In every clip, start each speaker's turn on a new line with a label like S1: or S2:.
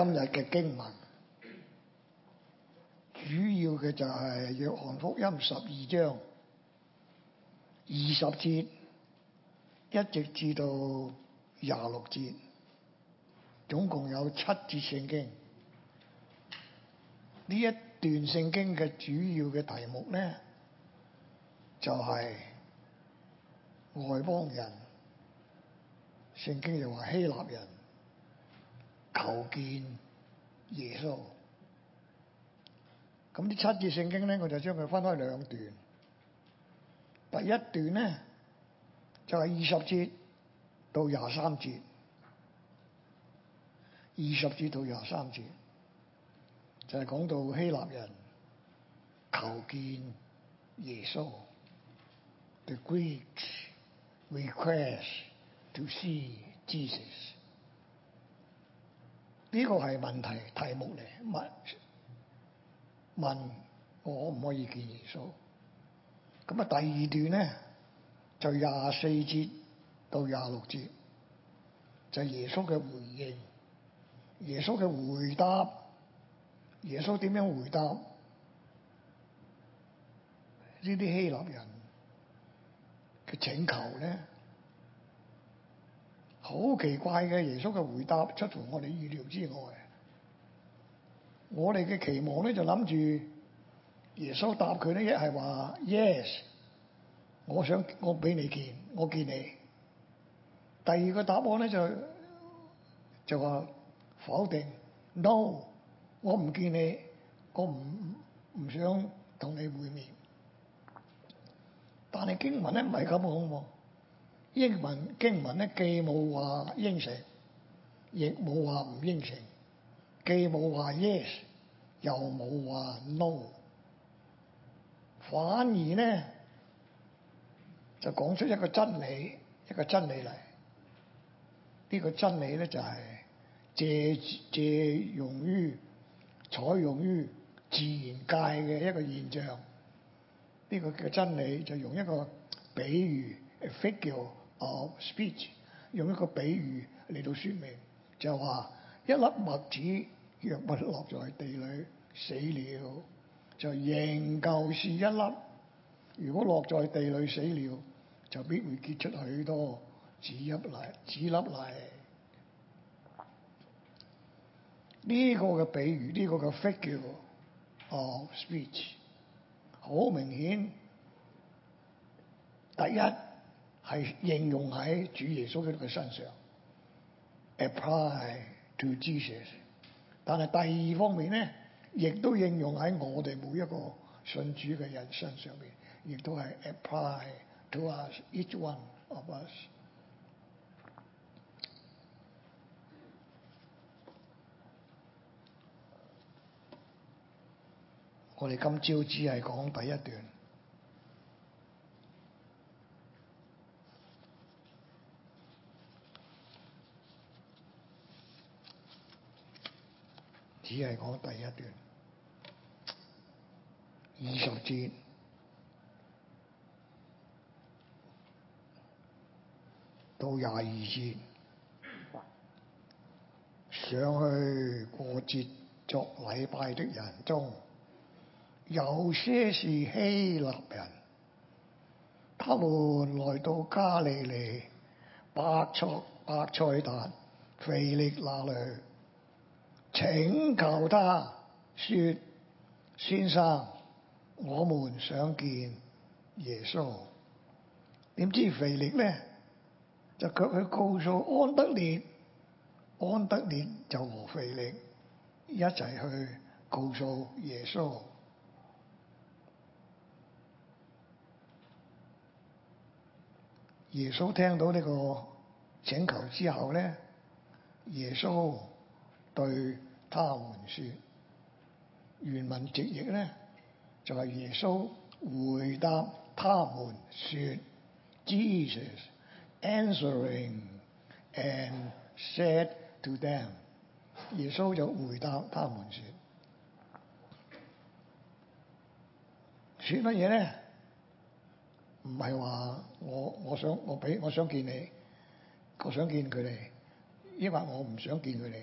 S1: 今日嘅經文主要嘅就係約翰福音十二章二十節一直至到廿六節，總共有七節聖經。呢一段聖經嘅主要嘅題目咧，就係外邦人。聖經又話希臘人。求見耶穌，咁啲七節聖經咧，我就將佢分開兩段。第一段咧就係二十節到廿三節，二十節到廿三節就係講到希臘人求見耶穌。The Greeks request to see Jesus。呢個係問題題目嚟，問問我可唔可以見耶穌？咁啊，第二段咧就廿四節到廿六節，就係耶穌嘅回應，耶穌嘅回答，耶穌點樣回答呢啲希臘人嘅請求咧？好奇怪嘅，耶穌嘅回答出乎我哋預料之外。我哋嘅期望咧就諗住耶穌答佢咧一係話 yes，我想我俾你見，我見你。第二個答案咧就就話否定 no，我唔見你，我唔唔想同你會面。但係經文咧唔係咁喎。英文經文咧，既冇話應承，亦冇話唔應承，既冇話 yes，又冇話 no，反而咧就講出一個真理，一個真理嚟。呢個真理咧就係借借用於採用於自然界嘅一個現象。呢個嘅真理，就用一個比喻 figure of speech 用一個比喻嚟到說明，就話、是、一粒麥子若不落在地裏死了，就仍舊是一粒；如果落在地裏死了，就必會結出許多子粒嚟。子粒嚟。呢個嘅比喻，呢、這個嘅 figure of speech，好明顯，第一。係應用喺主耶穌嘅身上，apply to Jesus。但係第二方面咧，亦都應用喺我哋每一個信主嘅人身上邊，亦都係 apply to us, each one of us。我哋今朝只係講第一段。只係講第一段，二十節到廿二節，上去過節作禮拜的人中，有些是希臘人，他們來到加利利，伯賽、伯賽大、腓力那裏。請求他說，先生，我們想見耶穌。點知腓力咧，就卻去告訴安德烈，安德烈就和腓力一齊去告訴耶穌。耶穌聽到呢個請求之後咧，耶穌對。他們說，原文直譯咧就係、是、耶穌回答他們說，Jesus answering and said to them，耶穌就回答他們說，說乜嘢咧？唔係話我我想我俾我想見你，我想見佢哋，抑或我唔想見佢哋？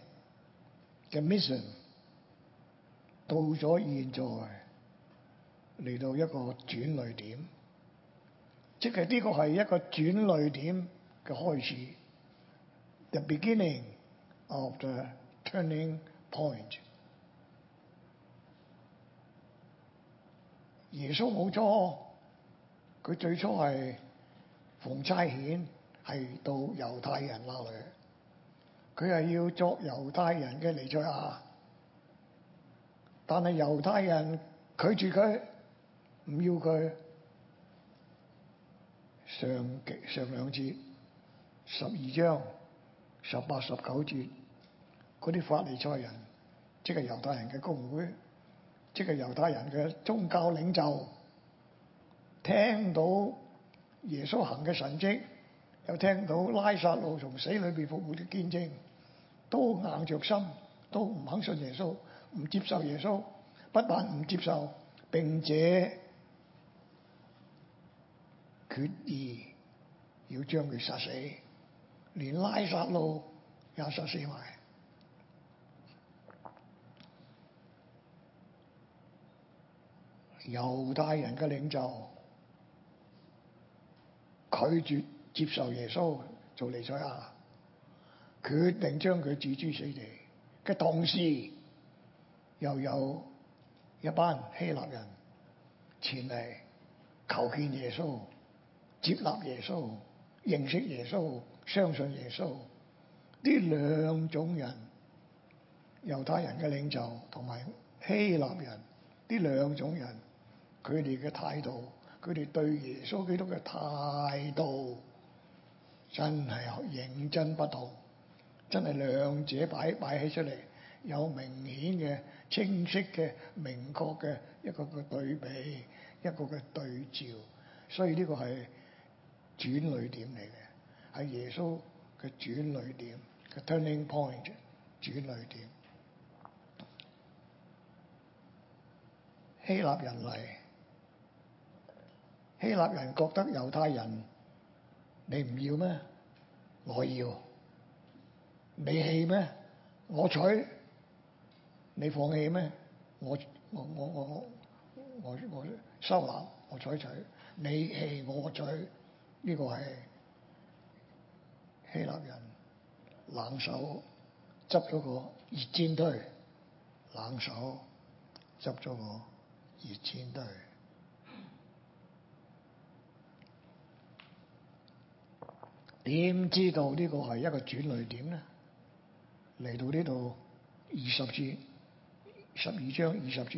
S1: 嘅 mission 到咗現在嚟到一個轉捩點，即係呢個係一個轉捩點嘅開始，the beginning of the turning point 耶。耶穌冇錯，佢最初係奉差遣係到猶太人那裏。佢係要作猶太人嘅彌賽亞，但係猶太人拒絕佢，唔要佢。上極上兩節，十二章十八十九節，嗰啲法利賽人，即係猶太人嘅公會，即係猶太人嘅宗教領袖，聽到耶穌行嘅神跡。有聽到拉撒路從死裏面復活的見證，都硬着心，都唔肯信耶穌，唔接受耶穌，不但唔接受，並且決意要將佢殺死，連拉撒路也殺死埋。猶太人嘅領袖拒絕。接受耶穌做彌賽亞，決定將佢置之死地嘅同時，又有，一班希臘人前嚟求見耶穌，接納耶穌、認識耶穌、相信耶穌。呢兩種人，猶太人嘅領袖同埋希臘人，呢兩種人，佢哋嘅態度，佢哋對耶穌基督嘅態度。真係認真不同，真係兩者擺擺起出嚟，有明顯嘅、清晰嘅、明確嘅一個嘅對比，一個嘅對照。所以呢個係轉捩點嚟嘅，係耶穌嘅轉捩點嘅 turning point 轉捩點，希臘人嚟，希臘人覺得猶太人。你唔要咩？我要。你棄咩？我取。你放棄咩？我我我我我我，我收留我採取，取。你棄我取，呢、這個係希臘人冷手執咗個熱煎堆，冷手執咗個熱煎堆。點知道呢個係一個轉捩點呢？嚟到呢度二十節，十二章二十節，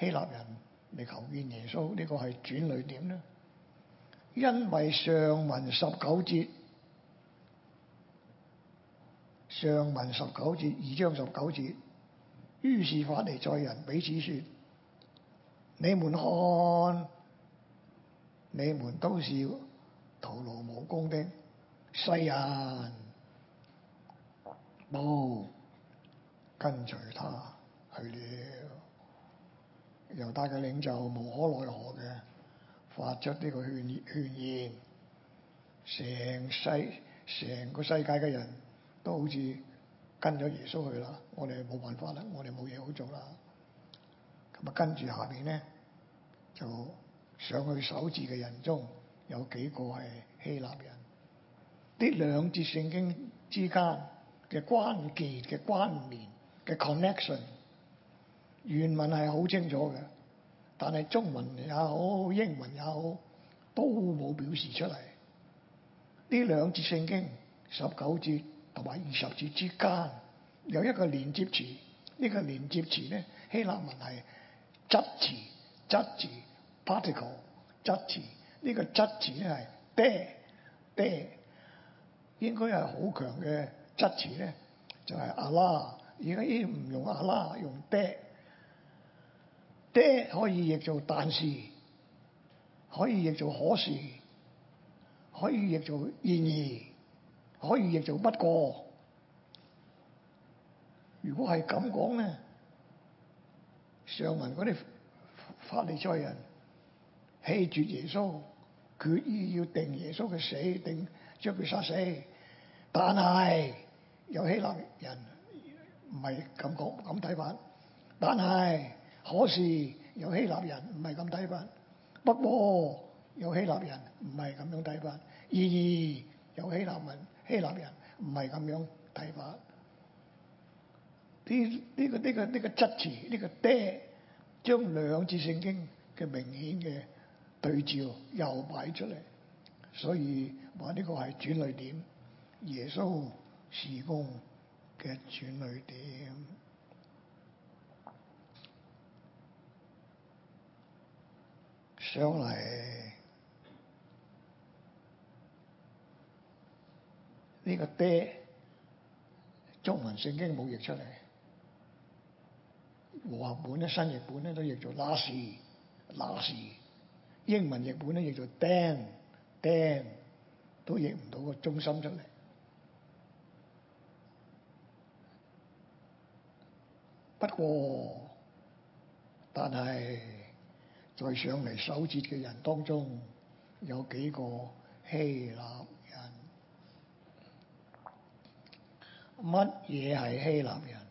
S1: 希臘人嚟求見耶穌，呢、這個係轉捩點呢？因為上文十九節，上文十九節二章十九節，於是法利賽人彼此說：你們看，你們都是徒勞無功的。世人冇、哦、跟隨他去了，猶太嘅領袖無可奈何嘅發咗呢個勸勸言，成世成個世界嘅人都好似跟咗耶穌去啦，我哋冇辦法啦，我哋冇嘢好做啦。咁啊，跟住下邊咧就上去守節嘅人中有幾個係希臘人。呢兩節聖經之間嘅關鍵嘅關聯嘅 connection 原文係好清楚嘅，但係中文也好、英文也好，都冇表示出嚟。呢兩節聖經十九節同埋二十節之間有一個連接詞，呢個連接詞咧希臘文係質詞質詞 particle 質詞，呢個質詞咧係爹爹。應該係好強嘅質詞咧，就係、是、阿拉。而家已經唔用阿拉，用爹。爹可以譯做但是，可以譯做可是，可以譯做然而，可以譯做不過。如果係咁講咧，上文嗰啲法利賽人棄絕耶穌，決意要定耶穌嘅死定。將佢殺死，但係有希臘人唔係咁講咁睇法，但係可是有希臘人唔係咁睇法，不過有希臘人唔係咁樣睇法，而有希臘人希臘人唔係咁樣睇法。呢呢個呢個呢個質詞，呢個爹，將兩次聖經嘅明顯嘅對照又擺出嚟。所以話呢個係轉捩點，耶穌事工嘅轉捩點。上嚟呢、這個爹中文聖經冇譯出嚟，和合本咧、新譯本咧都譯做那時那時，英文譯本咧譯做釘。驚都認唔到個中心出嚟。不過，但係在上嚟守節嘅人當中，有幾個希臘人。乜嘢係希臘人？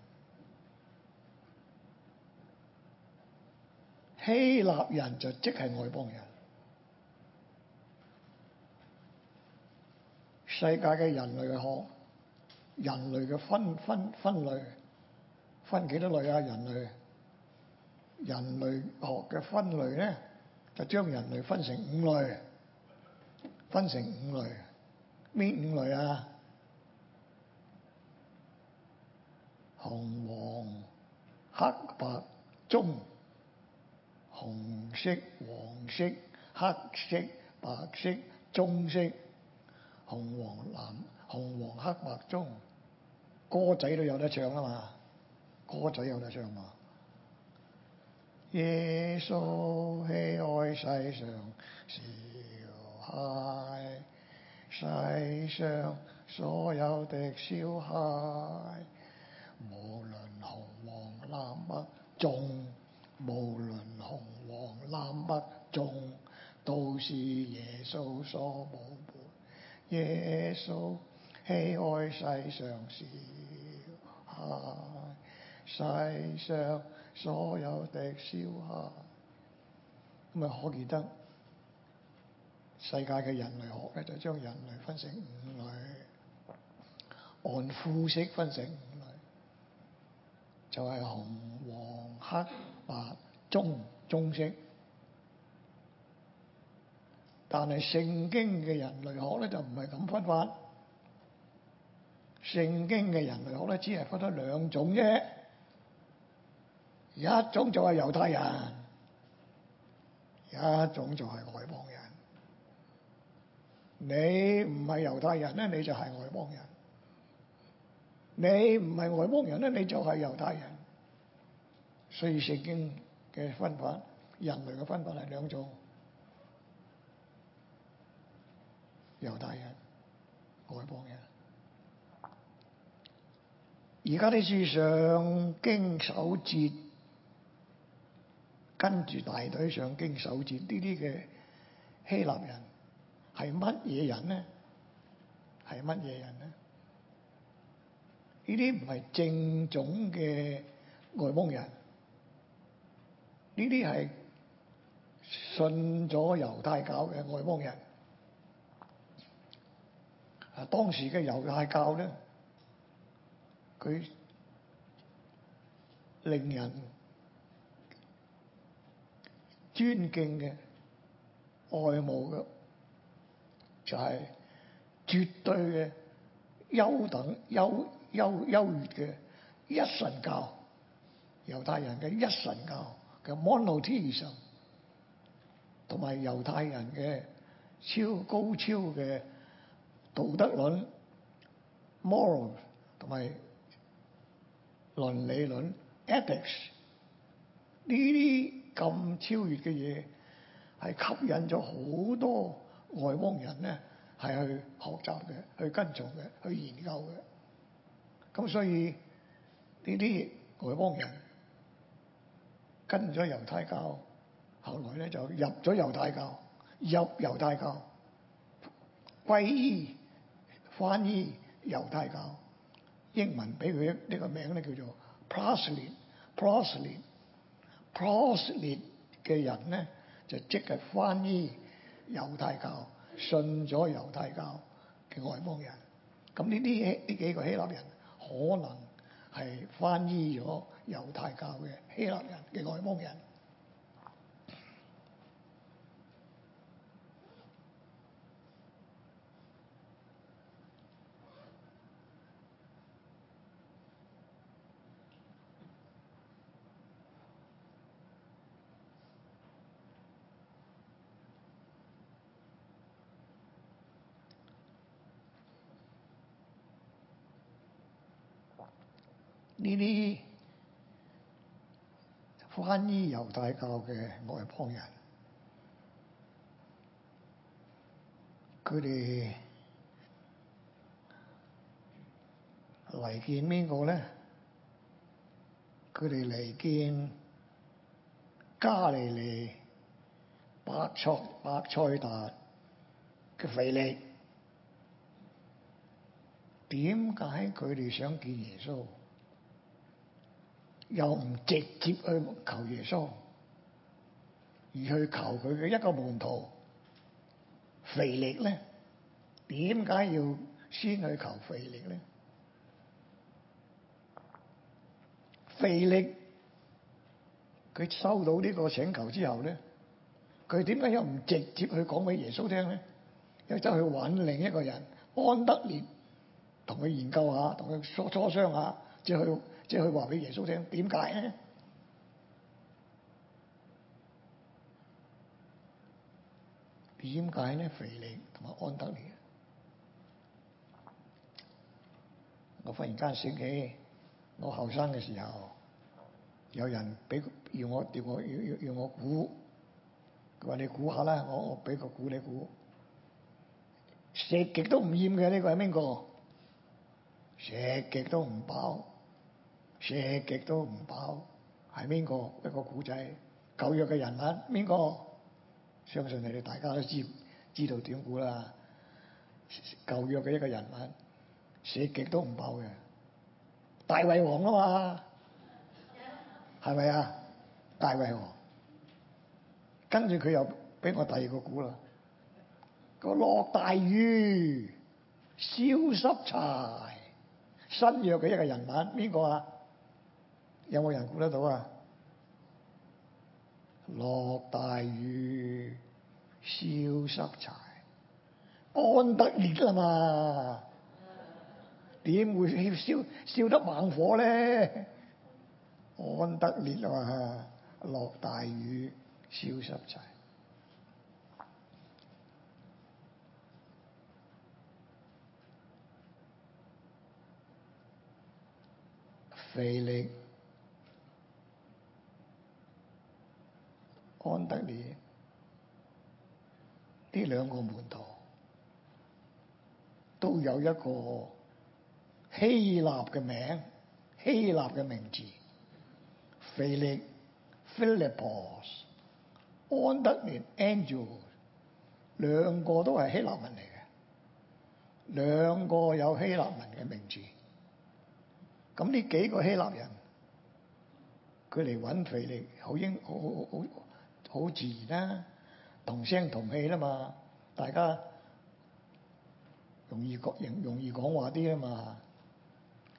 S1: 希臘人就即係外邦人。世界嘅人類學，人類嘅分分分類，分幾多類啊？人類人類學嘅分類咧，就將人類分成五類，分成五類，邊五類啊？紅黃黑白棕，紅色、黃色、黑色、白色、棕色。紅黃藍，紅黃黑白中，歌仔都有得唱啊嘛！歌仔有得唱嘛！耶穌喜愛世上小孩，世上所有的小孩，無論紅黃藍白中，無論紅黃藍白中，都是耶穌所保。耶穌喜愛世上小孩，世上所有的小孩，咁啊可記得世界嘅人類學咧，就將人類分成五類，按膚色分成五類，就係、是、紅、黃、黑、白、棕、棕色。但係聖經嘅人類學咧就唔係咁分法，聖經嘅人類學咧只係分咗兩種啫，一種就係猶太人，一種就係外邦人。你唔係猶太人咧，你就係外邦人；你唔係外邦人咧，你就係猶太人。所以聖經嘅分法，人類嘅分法係兩種。猶太人、外邦人，而家啲上京守節、跟住大隊上京守節呢啲嘅希臘人，係乜嘢人呢？係乜嘢人呢？呢啲唔係正種嘅外邦人，呢啲係信咗猶太教嘅外邦人。啊！當時嘅猶太教咧，佢令人尊敬嘅、愛慕嘅，就係、是、絕對嘅優等、優優優越嘅一神教。猶太人嘅一神教嘅 Monotheism，同埋猶太人嘅超高超嘅。道德論、morals 同埋倫理論、ethics 呢啲咁超越嘅嘢，係吸引咗好多外邦人咧，係去學習嘅、去跟從嘅、去研究嘅。咁所以呢啲外邦人跟咗猶太教，後來咧就入咗猶太教，入猶太教歸翻譯猶太教英文，俾佢呢個名咧叫做 proselyte proselyte，proselyte 嘅人咧就即係翻譯猶太教，信咗猶太教嘅外邦人。咁呢啲呢幾個希臘人可能係翻譯咗猶太教嘅希臘人嘅外邦人。呢啲翻依猶太教嘅外邦人，佢哋嚟見邊個呢？佢哋嚟見加利利伯賽大伯賽大嘅腓力，點解佢哋想見耶穌？又唔直接去求耶穌，而去求佢嘅一個門徒腓力咧？點解要先去求腓力咧？腓力佢收到呢個請求之後咧，佢點解又唔直接去講俾耶穌聽咧？又走去搵另一個人安德烈，同佢研究下，同佢磋磋商下，即係去。即係佢話俾耶穌聽點解呢？點解呢？腓力同埋安德烈，我忽然間醒起，我後生嘅時候，有人俾要我調我要要要我估，佢話你估下啦，我我俾個估你估，食極都唔厭嘅呢個係邊個？食極都唔飽。寫極都唔飽，係邊個？一個古仔，舊約嘅人物，邊個？相信你哋大家都知道知道點估啦。舊約嘅一個人物，寫極都唔飽嘅，大衛王啦嘛，係咪 Yeah. 啊？大衛王，跟住佢又俾我第二個估啦。個 Yeah. 落大雨，消濕柴，新約嘅一個人物，邊個啊？有冇人估得到啊？落大雨，燒濕柴，安得烈啊嘛。點會燒燒得猛火咧？安得烈啊嘛！落大雨，燒濕柴，腓力。安德烈呢兩個門徒都有一個希臘嘅名，希臘嘅名字腓力利 （Philipos）、安德烈，安德烈 （Andrew），兩個都係希臘人嚟嘅，兩個有希臘人嘅名字。咁呢幾個希臘人，佢嚟揾腓力，好應，好好好。好自然啦、啊，同聲同氣啦嘛，大家容易講，容易講話啲啊嘛。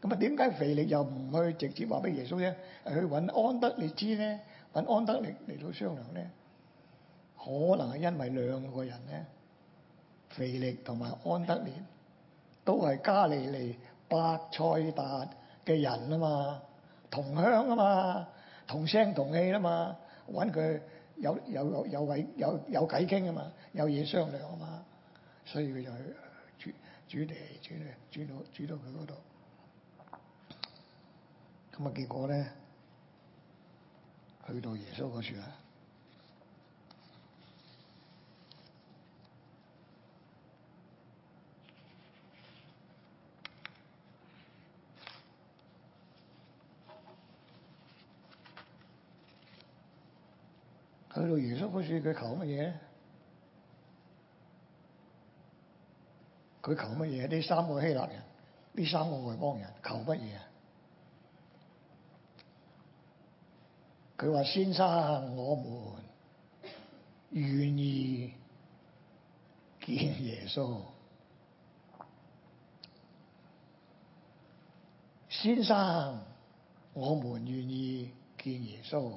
S1: 咁啊，點解腓力又唔去直接話俾耶穌聽，去揾安德烈知咧，揾安德烈嚟到商量咧？可能係因為兩個人咧，腓力同埋安德烈都係加利利伯賽達嘅人啊嘛，同鄉啊嘛，同聲同氣啊嘛，揾佢。有有有有位有有偈傾啊嘛，有嘢商量啊嘛，所以佢就去煮煮嚟煮去煮到煮到佢嗰度，咁啊結果咧，去到耶穌嗰處啊！去到耶穌嗰處，佢求乜嘢？佢求乜嘢？呢三個希臘人，呢三個外邦人，求乜嘢啊？佢話：先生，我們願意見耶穌。先生，我們願意見耶穌。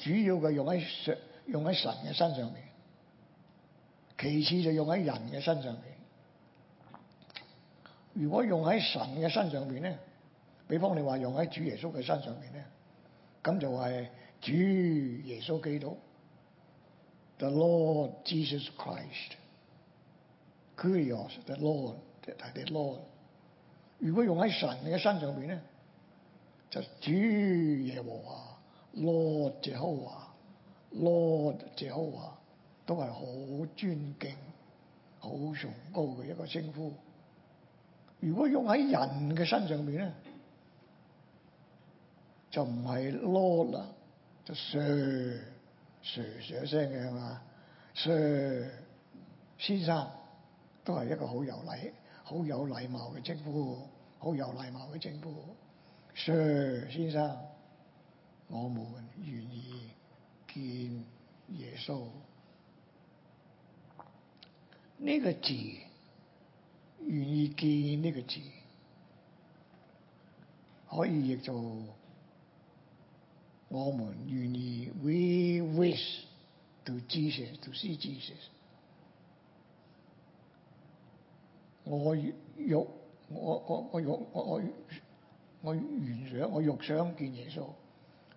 S1: 主要嘅用喺用喺神嘅身上面；其次就用喺人嘅身上面。如果用喺神嘅身上面咧，比方你話用喺主耶穌嘅身上面咧，咁就係主耶穌基督，The Lord Jesus Christ，Curious the Lord，the the Lord。如果用喺神嘅身上面咧，就主耶和華。Lord Jehovah，Lord Jehovah，都係好尊敬、好崇高嘅一個稱呼。如果用喺人嘅身上面咧，就唔係 Lord 啦，就 Sir Sir Sir 一聲嘅嘛，Sir 先生都係一個好有禮、好有禮貌嘅稱呼，好有禮貌嘅稱呼，Sir 先生。我們願意見耶穌呢，這個字，願意見呢個字，可以譯做我們願意。We wish to Jesus to see Jesus 我欲我我我欲我我我，我，我，我願想我欲想見耶穌。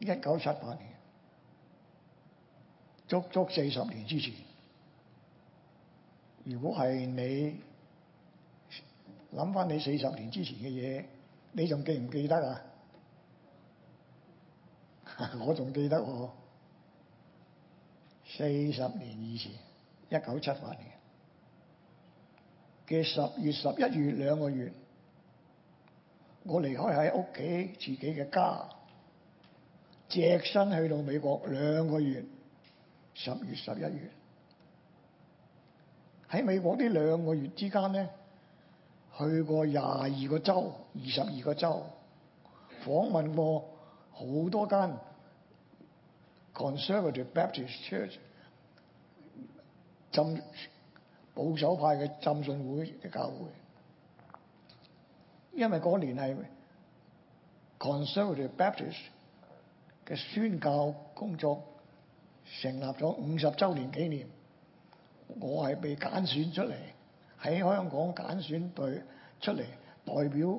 S1: 一九七八年，足足四十年之前。如果係你諗翻你四十年之前嘅嘢，你仲記唔記得啊？ 我仲記得我四十年以前，一九七八年嘅十月十一月兩個月，我離開喺屋企自己嘅家。隻身去到美國兩個月，十月、十一月，喺美國呢兩個月之間咧，去過廿二個州、二十二個州，訪問過好多間 Conservative Baptist Church，浸保守派嘅浸信會嘅教會，因為嗰年係 Conservative Baptist。嘅宣教工作成立咗五十周年紀念，我係被揀選，選出嚟喺香港揀選隊出嚟代表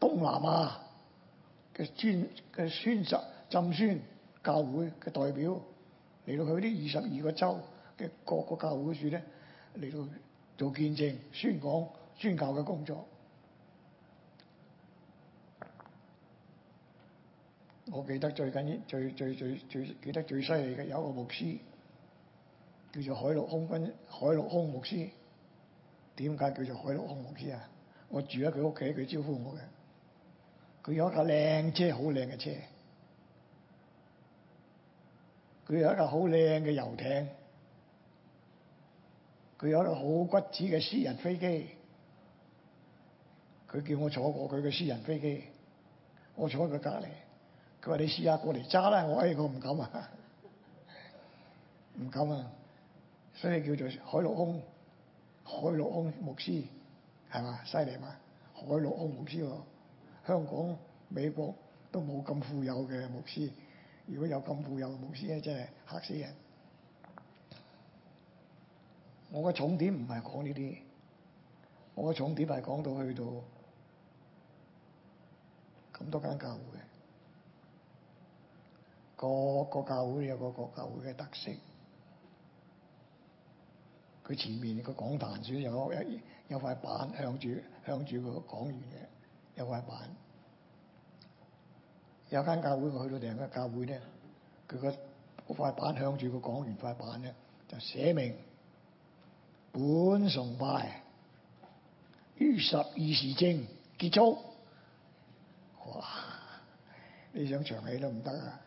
S1: 東南亞嘅宣嘅宣習浸宣教會嘅代表嚟到佢啲二十二個州嘅各個教會處咧，嚟到做見證宣講宣教嘅工作。我記得最緊要最最最最記得最犀利嘅有一個牧師，叫做海陸空軍海陸空牧師。點解叫做海陸空牧師啊？我住喺佢屋企，佢招呼我嘅。佢有一架靚車，好靚嘅車。佢有一架好靚嘅遊艇。佢有一架好骨子嘅私人飛機。佢叫我坐過佢嘅私人飛機，我坐喺佢隔籬。佢話：你試下過嚟揸啦！我哎，我唔敢啊，唔敢啊！所以叫做海陸空，海陸空牧師係嘛？犀利嘛？海陸空牧師喎，香港、美國都冇咁富有嘅牧師。如果有咁富有嘅牧師咧，真係嚇死人！我嘅重點唔係講呢啲，我嘅重點係講到去到咁多間教會。各個教會有各個教會嘅特色，佢前面個講壇先有塊有塊板向住向住個講員嘅有塊板，有間教會我去到另一個教會咧，佢、嗰個嗰塊板向住個講員塊板咧就寫明本崇拜於十二時正結束，哇！你想長氣都唔得啊！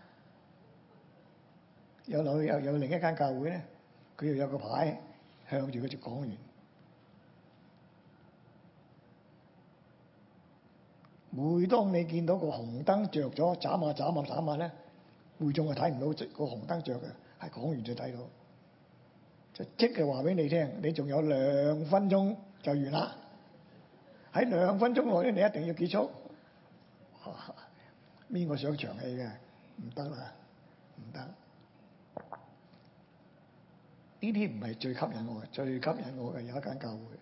S1: 有女有另一間教會咧，佢又有個牌向住佢，就講員。每當你見到個紅燈着咗，眨下眨下眨下咧，會眾啊，睇唔到嗰個紅燈著嘅，係講員就睇到，就即係話俾你聽，你仲有兩分鐘就完啦。喺兩分鐘內咧，你一定要結束。邊、啊、個想長氣嘅？唔得啦，唔得。呢啲唔係最吸引我嘅，最吸引我嘅有一間教會，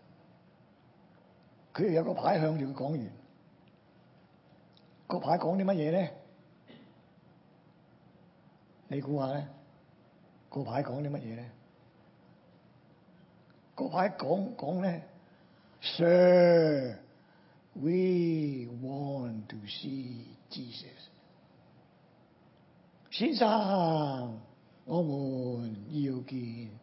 S1: 佢哋有個牌向住佢講完，個牌講啲乜嘢咧？你估下咧？個牌講啲乜嘢咧？個牌講講咧，Sir，we want to see Jesus，先生，我們要見。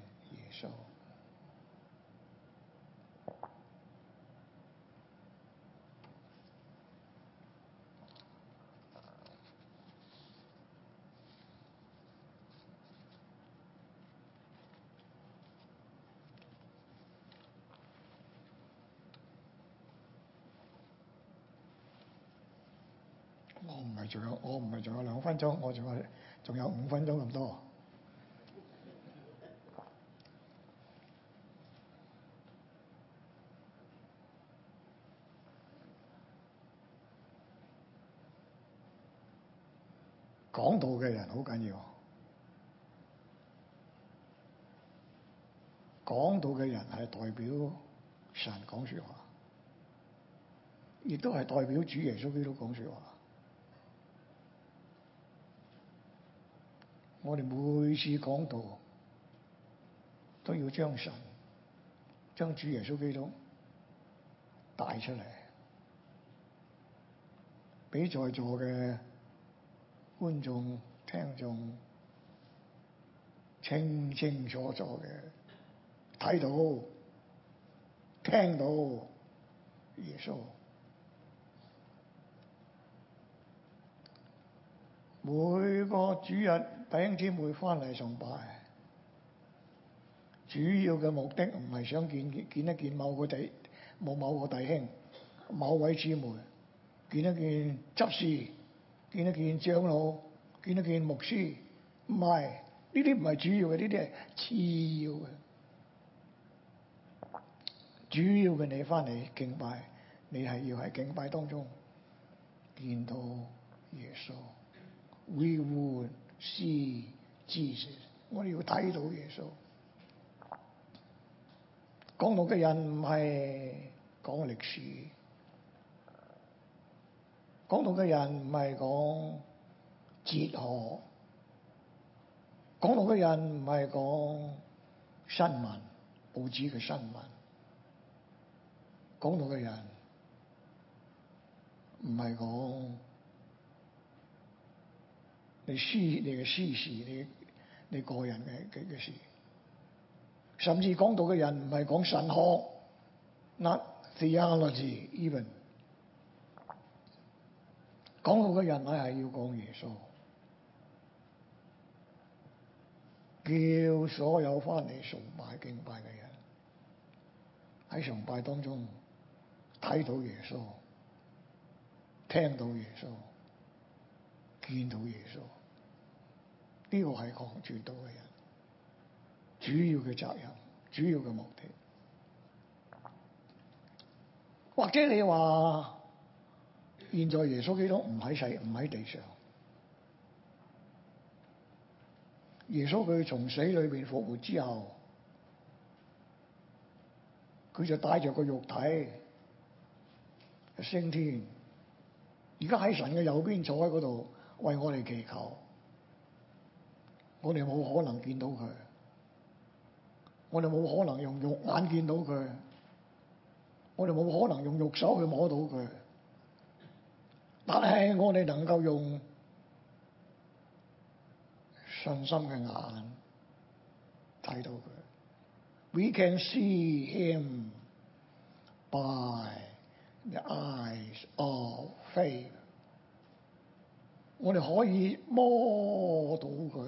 S1: 仲有我唔係仲有兩分鐘，我仲有仲有，有五分鐘咁多。講道嘅人好緊要，講道嘅人係代表神講說話，亦都係代表主耶穌基督講說話。我哋每次講道都要將神、將主耶穌基督帶出嚟，俾在座嘅觀眾聽眾清清楚楚嘅睇到、聽到耶穌。每個主日弟兄姊妹翻嚟崇拜，主要嘅目的唔係想見見一見某個弟，冇某，某個弟兄、某位姊妹，見一見執事，見一見長老，見一見牧師，唔係呢啲，唔係主要嘅，呢啲係次要嘅。主要嘅你翻嚟敬拜，你係要喺敬拜當中見到耶穌。We would see Jesus，我哋要睇到耶穌。講道嘅人唔係講歷史，講道嘅人唔係講哲學，講道嘅人唔係講新聞，報紙嘅新聞，講道嘅人唔係講。你私你嘅私事，你你個人嘅嘅嘅事，甚至講道嘅人唔係講神學，not theology even，講道嘅人我係要講耶穌，叫所有翻嚟崇拜敬拜嘅人喺崇拜當中睇到耶穌，聽到耶穌，見到耶穌。呢個係扛住到嘅人，主要嘅責任，主要嘅目的。或者你話，現在耶穌基督唔喺世，唔喺地上。耶穌佢從死裏邊復活之後，佢就帶着個肉體升天，而家喺神嘅右邊坐喺嗰度為我哋祈求。我哋冇可能見到佢，我哋冇可能用肉眼見到佢，我哋冇可能用肉手去摸到佢。但係我哋能夠用信心嘅眼睇到佢。We can see him by the eyes of faith。我哋可以摸到佢。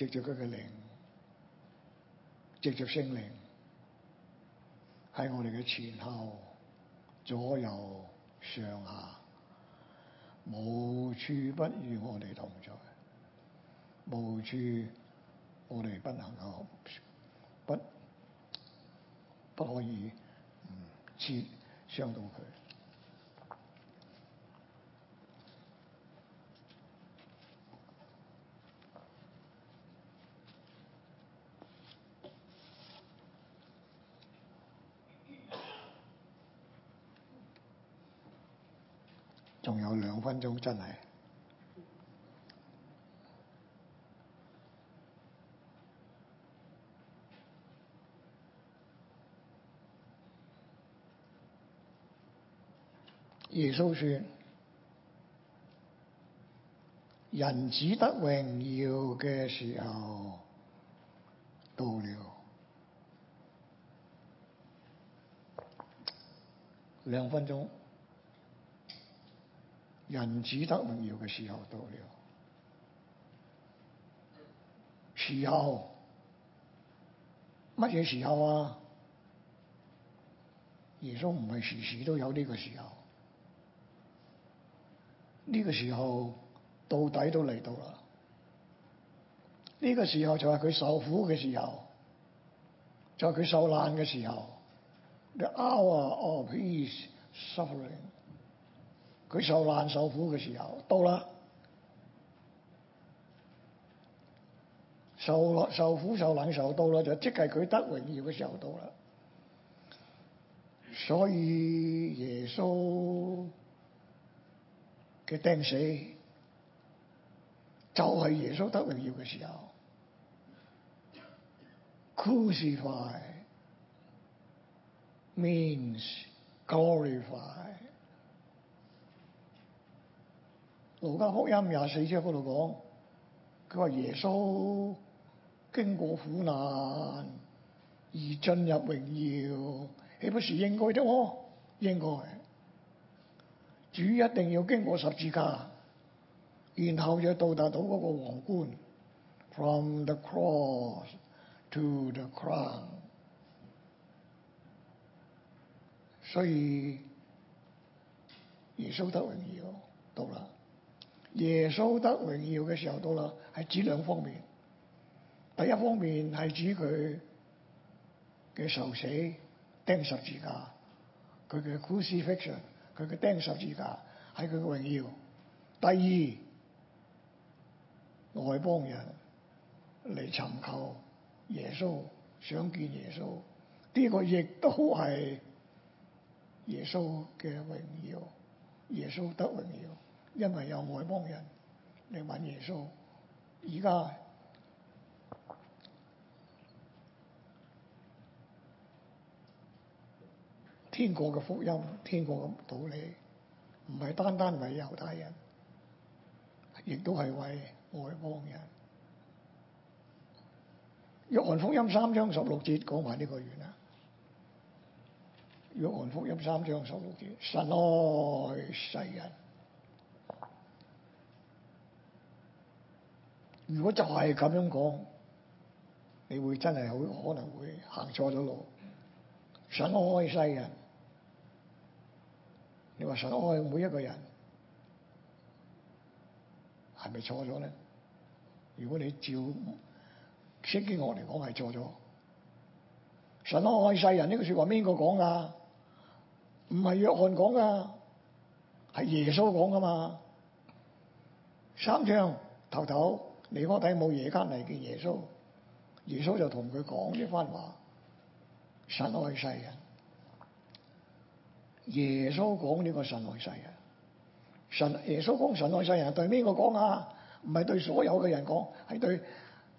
S1: 藉著佢嘅靈，藉著聖靈，喺我哋嘅前後、左右、上下，無處不與我哋同在，無處我哋不能夠，不不可以切傷、嗯、到佢。仲有兩分鐘，真係。耶穌説：人子得榮耀嘅時候到了。兩分鐘。人子得榮耀嘅時候到了，時候，乜嘢時候啊？耶穌唔係時時都有呢個時候，呢、這個時候到底都嚟到啦。呢、這個時候就係佢受苦嘅時候，就係、是、佢受難嘅時候，the hour of his suffering。佢受難受苦嘅時，時候到啦，受受苦受難，受到啦，就即係佢得榮耀嘅時候到啦。所以耶穌嘅釘死就係、是、耶穌得榮耀嘅時候。Crucify means glorify。路加福音廿四章喺嗰度講，佢話耶穌經過苦難而進入榮耀，豈不是應該的？應該，主一定要經過十字架，然後就到達到嗰個王冠。From the cross to the crown，所以耶穌得榮耀，到啦。耶穌得榮耀嘅時候到啦，係指兩方面。第一方面係指佢嘅受死釘十字架，佢嘅 crucifixion，佢嘅釘十字架係佢嘅榮耀。第二，外邦人嚟尋求耶穌，想見耶穌，呢、呢個亦都係耶穌嘅榮耀，耶穌得榮耀。因為有外邦人嚟問耶穌，而家天國嘅福音、天國嘅道理，唔係單單為猶太人，亦都係為外邦人。約翰福音三章十六節講埋呢個完啦。約翰福音三章十六節、節，神愛世人。如果就係咁樣講，你會真係好可能會行錯咗路。神愛世人，你話神愛每一個人，係咪錯咗咧？如果你照聖經我嚟講係錯咗，神愛世人呢、這個說話邊個講噶唔係約翰講噶，係耶穌講噶嘛？三章頭頭。尼哥底母夜間嚟見耶穌，耶穌就同佢講呢番話：神愛世人。耶穌講呢個神愛世人，神耶穌講神愛世人，對邊個講啊？唔係對所有嘅人講，係對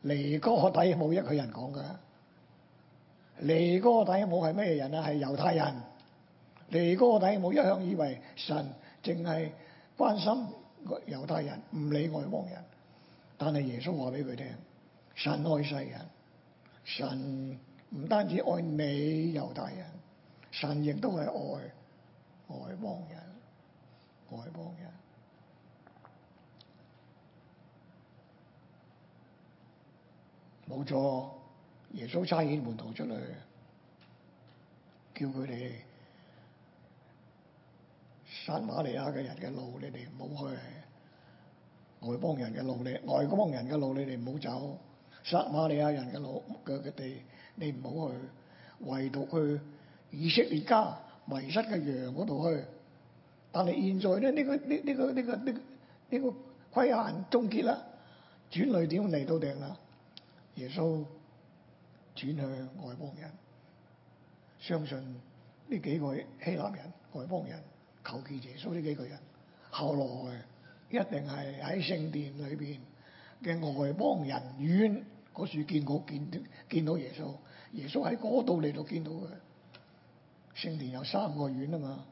S1: 尼哥底母一個人講噶。尼哥底母係咩人啊？係猶太人。尼哥底母一向以為神淨係關心猶太人，唔理外邦人。但係耶穌話俾佢聽，神愛世人，神唔單止愛你猶太人，神亦都係愛外邦人，外邦人冇錯。耶穌差遣門徒出去，叫佢哋撒瑪利亞嘅人嘅路，你哋唔好去。外邦人嘅路你外邦人嘅路你哋唔好走；撒瑪利亞人嘅路嘅嘅地你唔好去，唯獨去以色列家迷失嘅羊度去。但係現在咧，呢、這個呢呢、這個呢、這個呢呢、這個規、這個這個、限終結啦，轉捩點嚟到定啦？耶穌轉向外邦人，相信呢幾個希臘人、外邦人求見耶穌呢幾個人，後來。一定係喺聖殿裏邊嘅外邦人院嗰處，見到見，見到耶穌耶穌喺度嚟到見到嘅。聖殿有三個院啊嘛，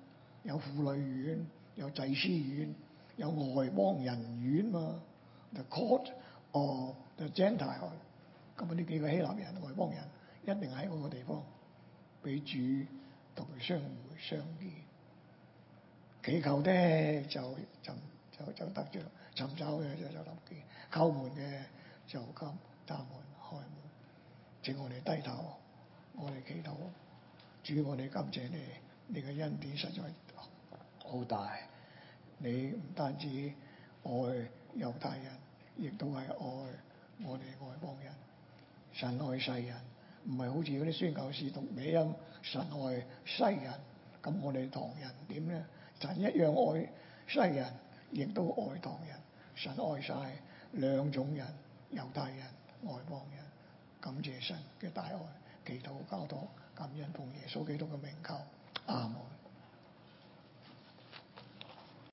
S1: 有婦女院，有祭司院，有外邦人院啊嘛。The court of the Gentiles，咁啊，呢幾個希臘人外邦人一定喺個地方俾主同佢相互相見祈求咧，就就。就就得着，尋找嘅就就諗見，叩門嘅就咁打門，開門，請我哋低頭，我哋祈禱，主，我哋感謝你。你嘅恩典實在好大。你唔單止愛猶太人，亦都係愛我哋外邦人。神愛世人，唔係好似啲宣教士讀美音，神愛西人。咁我哋唐人點咧？神一樣愛西人。亦都愛唐人，神愛晒兩種人，猶太人、外邦人。感謝神嘅大愛，祈禱交託感恩，奉耶穌基督嘅名求，阿門。